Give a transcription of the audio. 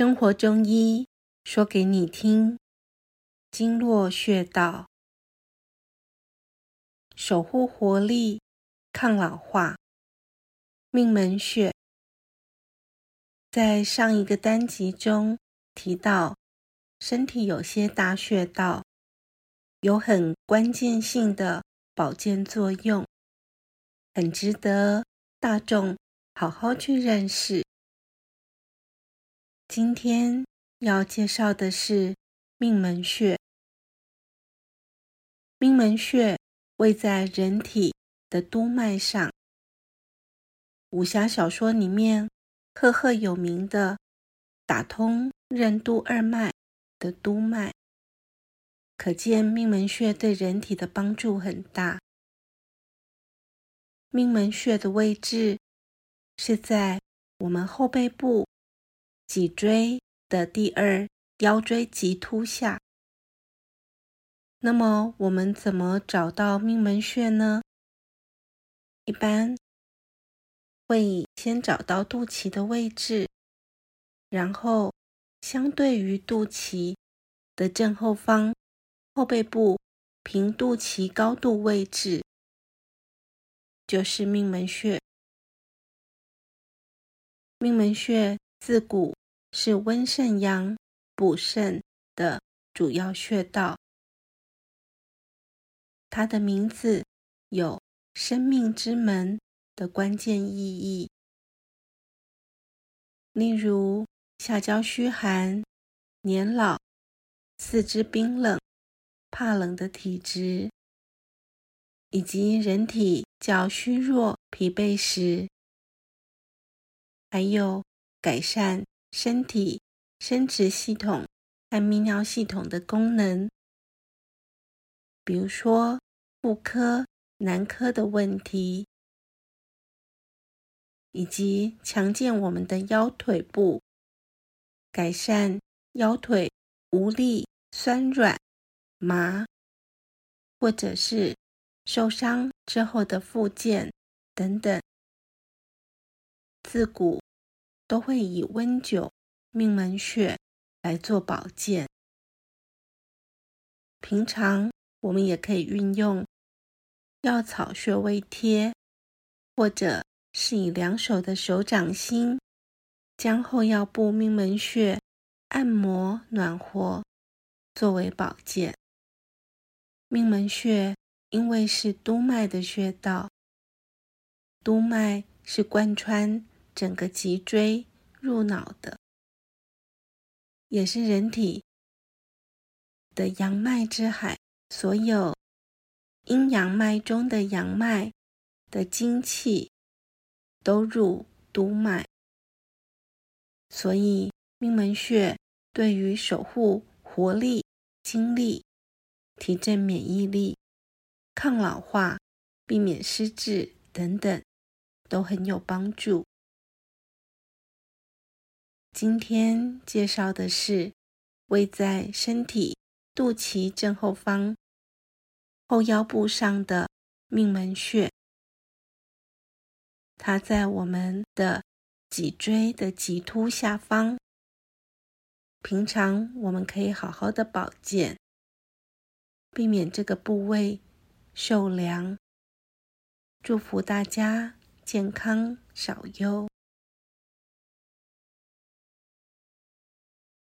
生活中醫說給你聽：經絡穴道守護活力，抗老化，命門穴。在上一個單集中提到，身體有些大穴道，有很關鍵性的保健作用，很值得大眾好好去認識。今天要介紹的是命門穴。命門穴位在人體的督脈上。武俠小說裡面赫赫有名的打通任督二脈的督脈，可見命門穴對人體的幫助很大。命門穴的位置是在我們後背部，脊椎的第二腰椎棘突下。那麼我們怎麼找到命門穴呢？一般會先找到肚臍的位置，然後相對於肚臍的正後方，後背部平肚臍高度位置就是命門穴。命門穴自古，是溫腎陽、補腎的主要穴道。它的名字有“生命之門”的關鍵意義。例如，下焦虛寒、年老、四肢冰冷、怕冷的體質，以及人體較虛弱、疲憊時，還有改善。身體、生殖系統和泌尿系統的功能，比如說婦科、男科的問題，以及強健我們的腰腿部，改善腰腿無力、酸軟、麻，或者是受傷之後的復健等等。自古。都會以溫灸命門穴來做保健。平常，我們也可以運用藥草穴位貼，或者是以兩手的手掌心，將後腰部命門穴按摩暖和，作為保健。命門穴因為是督脈的穴道，督脈是貫穿。整個脊椎入腦的，也是人體的陽脈之海，所有陰陽脈中的陽脈的精氣都入督脈，所以命門穴對於守護活力、精力、提振免疫力、抗老化、避免失智等等都很有幫助。今天介紹的是位在身體肚臍正後方後腰部上的命門穴，它在我們的脊椎的棘突下方。平常我們可以好好的保健，避免這個部位受涼。祝福大家健康少憂。